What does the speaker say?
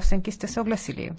vsem, ki ste se oglasili.